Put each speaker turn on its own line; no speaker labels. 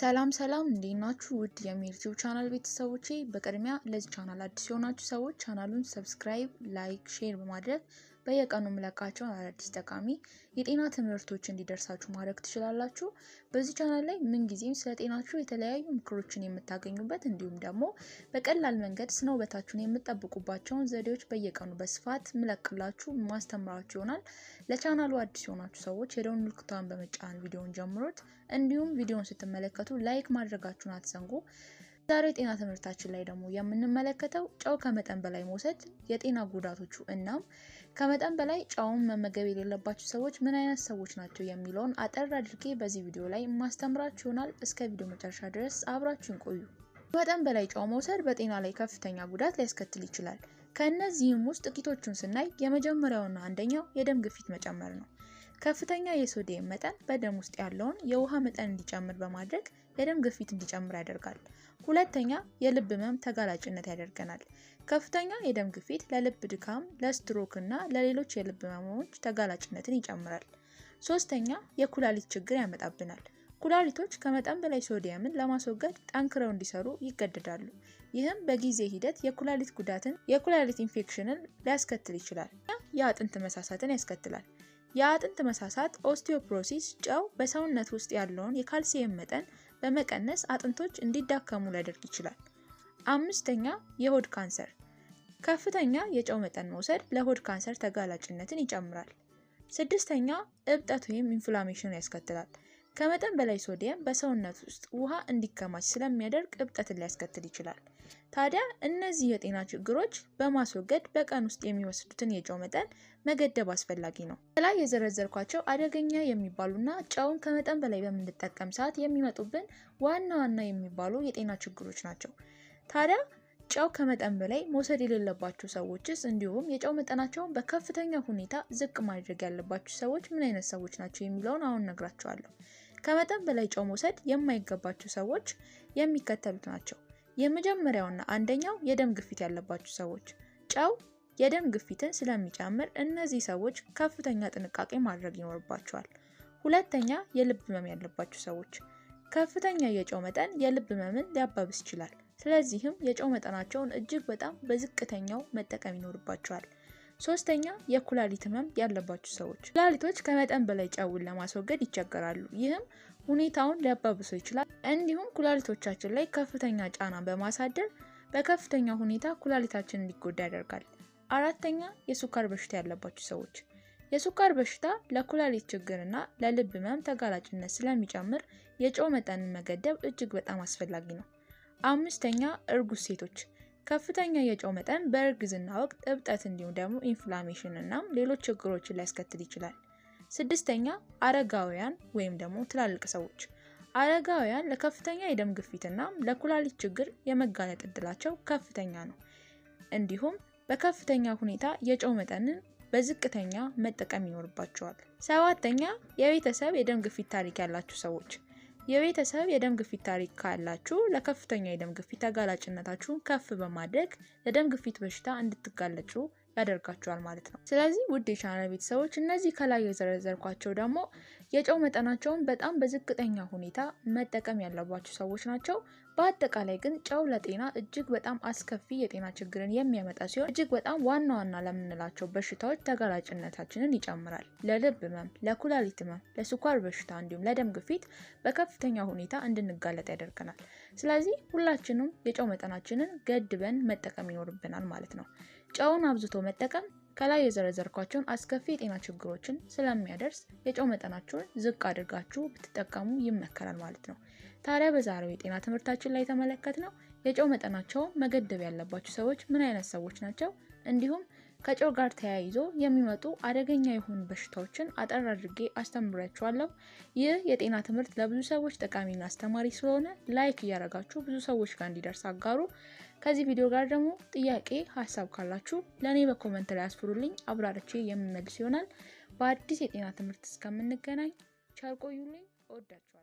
ሰላም ሰላም እንዴት ናችሁ? ውድ የዩቲዩብ ቻናል ቤተሰቦቼ፣ በቅድሚያ ለዚህ ቻናል አዲስ የሆናችሁ ሰዎች ቻናሉን ሰብስክራይብ፣ ላይክ፣ ሼር በማድረግ በየቀኑ የምለቃቸውን አዳዲስ ጠቃሚ የጤና ትምህርቶች እንዲደርሳችሁ ማድረግ ትችላላችሁ። በዚህ ቻናል ላይ ምንጊዜም ስለ ጤናችሁ የተለያዩ ምክሮችን የምታገኙበት እንዲሁም ደግሞ በቀላል መንገድ ስነ ውበታችሁን የምጠብቁባቸውን ዘዴዎች በየቀኑ በስፋት ምለቅላችሁ ማስተምራችሁ ይሆናል። ለቻናሉ አዲስ የሆናችሁ ሰዎች የደውን ምልክቷን በመጫን ቪዲዮን ጀምሩት። እንዲሁም ቪዲዮን ስትመለከቱ ላይክ ማድረጋችሁን አትዘንጉ። ዛሬ ጤና ትምህርታችን ላይ ደግሞ የምንመለከተው ጨው ከመጠን በላይ መውሰድ የጤና ጉዳቶቹ እናም ከመጠን በላይ ጨውን መመገብ የሌለባቸው ሰዎች ምን አይነት ሰዎች ናቸው የሚለውን አጠር አድርጌ በዚህ ቪዲዮ ላይ ማስተምራችሁ ይሆናል። እስከ ቪዲዮ መጨረሻ ድረስ አብራችሁን ቆዩ። ከመጠን በላይ ጨው መውሰድ በጤና ላይ ከፍተኛ ጉዳት ሊያስከትል ይችላል። ከእነዚህም ውስጥ ጥቂቶቹን ስናይ የመጀመሪያውና አንደኛው የደም ግፊት መጨመር ነው። ከፍተኛ የሶዲየም መጠን በደም ውስጥ ያለውን የውሃ መጠን እንዲጨምር በማድረግ የደም ግፊት እንዲጨምር ያደርጋል። ሁለተኛ የልብ ህመም ተጋላጭነት ያደርገናል። ከፍተኛ የደም ግፊት ለልብ ድካም፣ ለስትሮክ እና ለሌሎች የልብ ህመሞች ተጋላጭነትን ይጨምራል። ሶስተኛ የኩላሊት ችግር ያመጣብናል። ኩላሊቶች ከመጠን በላይ ሶዲየምን ለማስወገድ ጠንክረው እንዲሰሩ ይገደዳሉ። ይህም በጊዜ ሂደት የኩላሊት ጉዳትን፣ የኩላሊት ኢንፌክሽንን ሊያስከትል ይችላል። የአጥንት መሳሳትን ያስከትላል። የአጥንት መሳሳት ኦስቲዮፕሮሲስ ጨው በሰውነት ውስጥ ያለውን የካልሲየም መጠን በመቀነስ አጥንቶች እንዲዳከሙ ሊያደርግ ይችላል። አምስተኛ የሆድ ካንሰር ከፍተኛ የጨው መጠን መውሰድ ለሆድ ካንሰር ተጋላጭነትን ይጨምራል። ስድስተኛ እብጠት ወይም ኢንፍላሜሽን ያስከትላል። ከመጠን በላይ ሶዲየም በሰውነት ውስጥ ውሃ እንዲከማች ስለሚያደርግ እብጠትን ሊያስከትል ይችላል። ታዲያ እነዚህ የጤና ችግሮች በማስወገድ በቀን ውስጥ የሚወስዱትን የጨው መጠን መገደብ አስፈላጊ ነው። ከላይ የዘረዘርኳቸው አደገኛ የሚባሉና ጨውን ከመጠን በላይ በምንጠቀም ሰዓት የሚመጡብን ዋና ዋና የሚባሉ የጤና ችግሮች ናቸው። ታዲያ ጨው ከመጠን በላይ መውሰድ የሌለባቸው ሰዎችስ እንዲሁም የጨው መጠናቸውን በከፍተኛ ሁኔታ ዝቅ ማድረግ ያለባቸው ሰዎች ምን አይነት ሰዎች ናቸው የሚለውን አሁን ነግራቸዋለሁ። ከመጠን በላይ ጨው መውሰድ የማይገባቸው ሰዎች የሚከተሉት ናቸው። የመጀመሪያውና አንደኛው የደም ግፊት ያለባቸው ሰዎች። ጨው የደም ግፊትን ስለሚጨምር እነዚህ ሰዎች ከፍተኛ ጥንቃቄ ማድረግ ይኖርባቸዋል። ሁለተኛ፣ የልብ ህመም ያለባቸው ሰዎች። ከፍተኛ የጨው መጠን የልብ ህመምን ሊያባብስ ይችላል። ስለዚህም የጨው መጠናቸውን እጅግ በጣም በዝቅተኛው መጠቀም ይኖርባቸዋል። ሶስተኛ የኩላሊት ህመም ያለባቸው ሰዎች ኩላሊቶች ከመጠን በላይ ጨውን ለማስወገድ ይቸገራሉ። ይህም ሁኔታውን ሊያባብሶ ይችላል። እንዲሁም ኩላሊቶቻችን ላይ ከፍተኛ ጫና በማሳደር በከፍተኛ ሁኔታ ኩላሊታችን እንዲጎዳ ያደርጋል። አራተኛ የሱካር በሽታ ያለባቸው ሰዎች የሱካር በሽታ ለኩላሊት ችግርና ለልብ ህመም ተጋላጭነት ስለሚጨምር የጨው መጠንን መገደብ እጅግ በጣም አስፈላጊ ነው። አምስተኛ እርጉዝ ሴቶች ከፍተኛ የጨው መጠን በእርግዝና ወቅት እብጠት እንዲሁም ደግሞ ኢንፍላሜሽን እናም ሌሎች ችግሮችን ሊያስከትል ይችላል። ስድስተኛ አረጋውያን ወይም ደግሞ ትላልቅ ሰዎች። አረጋውያን ለከፍተኛ የደም ግፊት እና ለኩላሊት ችግር የመጋለጥ እድላቸው ከፍተኛ ነው። እንዲሁም በከፍተኛ ሁኔታ የጨው መጠንን በዝቅተኛ መጠቀም ይኖርባቸዋል። ሰባተኛ የቤተሰብ የደም ግፊት ታሪክ ያላቸው ሰዎች የቤተሰብ የደም ግፊት ታሪክ ካላችሁ ለከፍተኛ የደም ግፊት ተጋላጭነታችሁን ከፍ በማድረግ ለደም ግፊት በሽታ እንድትጋለጩ ያደርጋቸዋል ማለት ነው። ስለዚህ ውድ የቻናል ቤተሰቦች እነዚህ ከላይ የዘረዘርኳቸው ደግሞ የጨው መጠናቸውን በጣም በዝቅተኛ ሁኔታ መጠቀም ያለባቸው ሰዎች ናቸው። በአጠቃላይ ግን ጨው ለጤና እጅግ በጣም አስከፊ የጤና ችግርን የሚያመጣ ሲሆን እጅግ በጣም ዋና ዋና ለምንላቸው በሽታዎች ተጋላጭነታችንን ይጨምራል። ለልብ ህመም፣ ለኩላሊት ህመም፣ ለስኳር በሽታ እንዲሁም ለደም ግፊት በከፍተኛ ሁኔታ እንድንጋለጥ ያደርገናል። ስለዚህ ሁላችንም የጨው መጠናችንን ገድበን መጠቀም ይኖርብናል ማለት ነው። ጨውን አብዝቶ መጠቀም ከላይ የዘረዘርኳቸውን አስከፊ የጤና ችግሮችን ስለሚያደርስ የጨው መጠናችሁን ዝቅ አድርጋችሁ ብትጠቀሙ ይመከራል ማለት ነው። ታዲያ በዛሬው የጤና ትምህርታችን ላይ የተመለከትነው የጨው መጠናቸውን መገደብ ያለባቸው ሰዎች ምን አይነት ሰዎች ናቸው፣ እንዲሁም ከጨው ጋር ተያይዞ የሚመጡ አደገኛ የሆኑ በሽታዎችን አጠር አድርጌ አስተምራችኋለሁ። ይህ የጤና ትምህርት ለብዙ ሰዎች ጠቃሚና አስተማሪ ስለሆነ ላይክ እያደረጋችሁ ብዙ ሰዎች ጋር እንዲደርስ አጋሩ። ከዚህ ቪዲዮ ጋር ደግሞ ጥያቄ፣ ሀሳብ ካላችሁ ለእኔ በኮመንት ላይ አስፍሩልኝ። አብራርቼ የምመልስ ይሆናል። በአዲስ የጤና ትምህርት እስከምንገናኝ ቸር ቆዩልኝ። እወዳችኋለሁ።